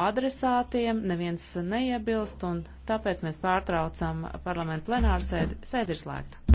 adresātiem, neviens neiebilst, un tāpēc mēs pārtraucam parlamentu plenāru sēdi, sēdi ir slēgta.